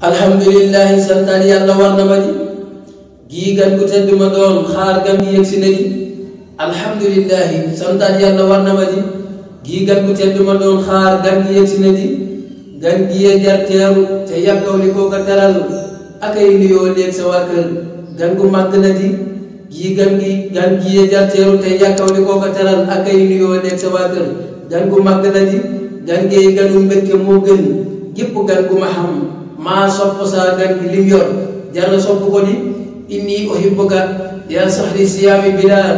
alhamdulillahi santaan yàlla war na ma di gii gan gu tedd ma doon xaar gan gi yëg na di alhamdulillahi gii gan na di gan gi yee na di gii gan li koo ko teral ak ay nuyoo léeg sa waa gan gu màgg na di gan gi ganu mbégte moo gën gépp gan gu ma xam maa sopp saa gan gi lim yor jar na sopp ko di inni uhibbuka yaa sahri siyaami bilaa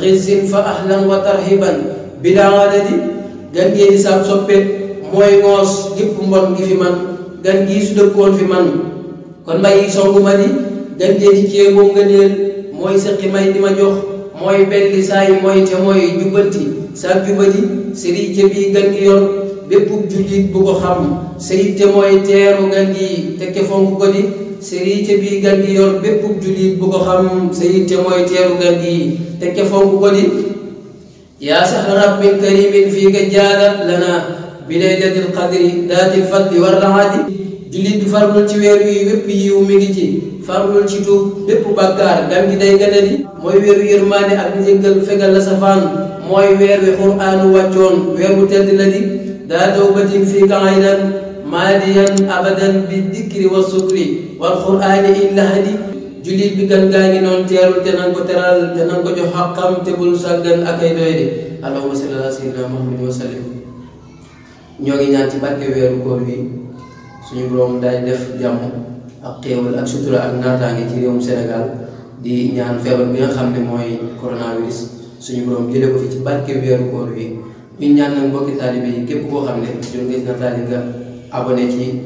xisin fa ahlan wa tarhiban bilaa adadi gan gee di saab soppe mooy ngoos gépp mbon gi fi man gan gii dëkkoon fi man kon may songu ma di gan gee di ceeboo ngëneel mooy sëqi may di ma jox mooy belli saa yi mooy te mooy jubbanti saa juba ji sëriñ ca bii gan gi yor bépp jullit bu ko xam sa yitte mooy teeru gan gi te ke fonk ko di sa yitte bii gan gi yor bépp jullit bu ko xam sa yitte mooy teeru gan gi te fonk ko di yaa sax rabbin karimin fii ka jaadat lana bi laylatil qadri daatil fadli war raxaati jullit bi ci weer yi wépp yiw mi ngi ci farlul ci tuub bépp bàkkaar gan gi day gane di mooy weeru yërmaane ak njëggal fegal la safaan mooy weer wi quraan wàccoon weer tedd la di ذا توبة فيك غيرا ماديا أبدا بالذكر والشكر والقرآن إلا هدي jullit bi kan gaa ngi noonu teerul te nan ko teral te nan ko jox xaqam te bul sàggan ak ay doy de allahumma salli ala sayyidina muhammadin ñoo ngi ñaan ci barke weeru koor wi suñu borom daay def jàmm ak xéewal ak sutura ak naataange ci réewum Sénégal di ñaan feebar bi nga xam ne mooy coronavirus suñu borom jële ko fi ci barke weeru koor wi ñu ñaan nag mbokki taalibe yi képp koo xam ne jot nga si na taali nga abonné